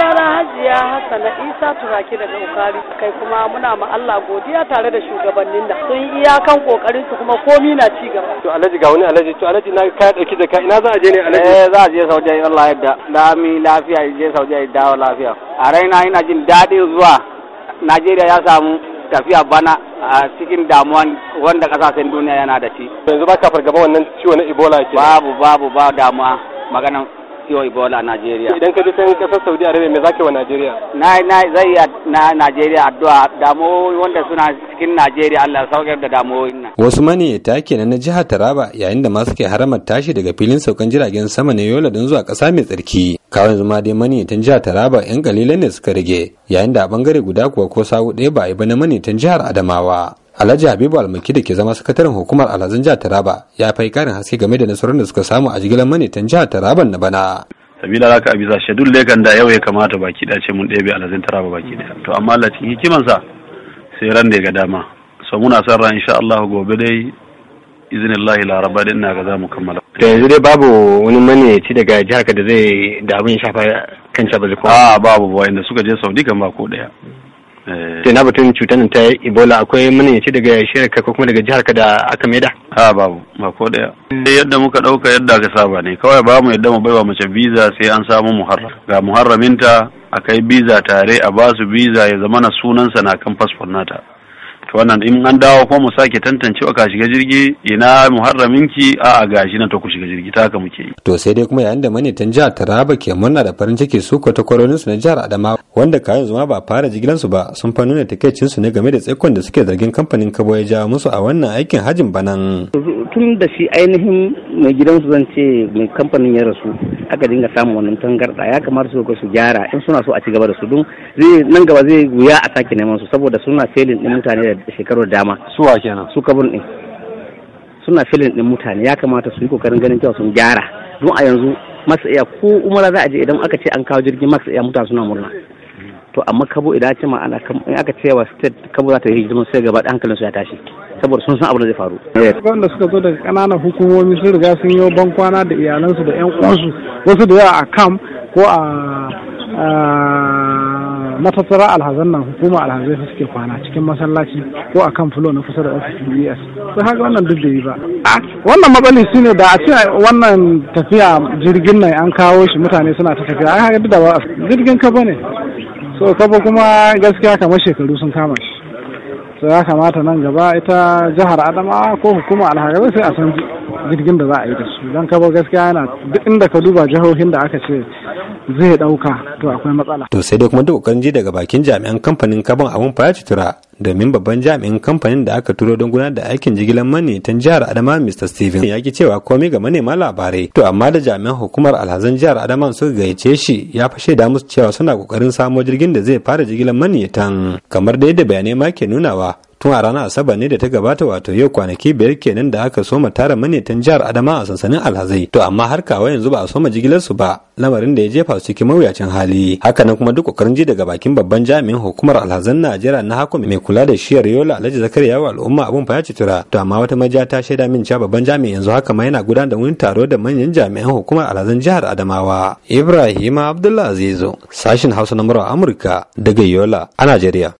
sunana hajiya hassana isa turaki daga ukari kai kuma muna ma Allah godiya tare da shugabannin da sun iyakan kokarin su kuma komi na ci gaba to alhaji ga wani alhaji to alhaji na ka dauki da ka ina za a je ne alhaji eh za a je in Allah yadda da mi lafiya je Saudiya ya dawo lafiya a raina ina jin daɗin zuwa Najeriya ya samu tafiya bana a cikin damuwan wanda kasashen duniya yana da shi yanzu ba ka fargaba wannan ciwo na Ebola ke babu babu ba damuwa maganan kiwon Ebola a Najeriya. Idan ka je can kasar Saudi Arabia me zaka wa Najeriya? Na na zai yi na Najeriya addu'a damo wanda suna cikin Najeriya Allah saukar da damuwoyin nan. Wasu maniyata kenan na jihar Taraba yayin da masu ke haramar tashi daga filin saukan jiragen sama na Yola don zuwa ƙasa mai tsarki. Kawai zuma dai tan jihar Taraba 'yan kalilan ne suka rage yayin da a bangare guda kuwa ko sawu ɗaya ba a yi ba na maniyatan jihar Adamawa. Alhaji Habibu Almaki da ke zama sakataren hukumar alhazin jihar Taraba ya fai karin haske game da nasarar da suka samu a jigilar manitan jihar Taraba na bana. sabila haka a bisa shadul legan da yau ya kamata baki da ce mun ɗebe alhazin taraba baki da to amma Allah cikin hikimansa sai ran da ga dama so muna son ran insha Allah gobe dai la laraba din na ga za mu kammala da yanzu dai babu wani maniyaci daga jihar da zai da abin shafa kan ba Ah babu ba inda suka je saudi kan ba ko daya Eh. sai na batun cutar nan ta ebola akwai yace daga shirka ko kuma daga jihar ka da aka maida a babu ba ko daya inda yadda muka dauka yadda ka saba ne kawai ba mu yadda mu baiwa mace visa sai an samu muharram ga muharraminta a kai biza tare a ba su biza ya zamana na sunansa na kan fasfon nata to wannan in an dawo kuma mu sake tantance ka shiga jirgi ina muharraminki a a gashi na to ku shiga jirgi ta haka muke yi to sai dai kuma yayin da manitan jihar Taraba ke murna da farin ciki su ko takwarorin su na jihar Adamawa wanda kayan zuma ba fara jigilan su ba sun fa nuna takeicin su ne game da tsaikon da suke zargin kamfanin Kabo ya jawo musu a wannan aikin hajin banan tun da shi ainihin mai gidansu zan ce mai kamfanin ya rasu aka dinga samun wannan tangarɗa ya kamata su su gyara in suna so a ci gaba da su don zai nan gaba zai wuya a sake neman su saboda suna felin din mutane da shekarar dama Su wa kenan su kabun ɗin suna filin ɗin mutane ya kamata su yi kokarin ganin cewa sun gyara don a yanzu masu iya ko umara za a je idan aka ce an kawo jirgin masu iya mutane suna murna to amma kabo idan ce ma ana aka cewa state kabo za ta yi hidiman sai gaba hankalin su ya tashi saboda sun san abin da zai faru wanda suka zo daga ƙananan hukumomi sun riga sun yi bankwana da iyalansu da yan uwansu wasu da yawa a kam ko a matattara alhazan nan hukuma alhazai su suke kwana cikin masallaci ko a kan fulo na kusa da U.S. sai haka wannan duk da yi ba wannan matsali su ne da a ce wannan tafiya jirgin nan an kawo shi mutane suna ta tafiya ai haka duk da ba jirgin kaba ne so kaba kuma gaskiya kamar shekaru sun kama shi so ya kamata nan gaba ita jihar adamawa ko hukuma alhagari sai a san jirgin da za a yi da su don kabo gaskiya yana duk inda ka duba jihohin da aka ce zai dauka to akwai matsala to sai dai kuma duk ƙoƙarin ji daga bakin jami'an kamfanin kabon abun fara tura domin babban jami'in kamfanin da aka turo don gudanar da aikin jigilar manitan jihar adama mr steven ya ki cewa komai ga manema labarai to amma da jami'an hukumar alhazan jihar adama suka gayyace shi ya fashe da musu cewa suna kokarin samo jirgin da zai fara jigilar tan kamar da yadda bayanai ma ke nunawa tun a ranar asabar ne da ta gabata wato yau kwanaki biyar kenan da aka soma tara manetan jihar adama a sansanin alhazai to amma har kawa yanzu ba a soma jigilar su ba lamarin da ya jefa su cikin mawuyacin hali hakanan kuma duk kokarin ji daga bakin babban jami'in hukumar alhazan najeriya na hakumi mai kula da shiyar yola alhaji zakariya wa al'umma abun fa ya ci to amma wata majiya ta shaida min cewa babban jami'in yanzu haka ma yana gudanar da wani taro da manyan jami'an hukumar alhazan jihar adamawa Ibrahim abdullahi azizu sashin hausa na murar amurka daga yola a najeriya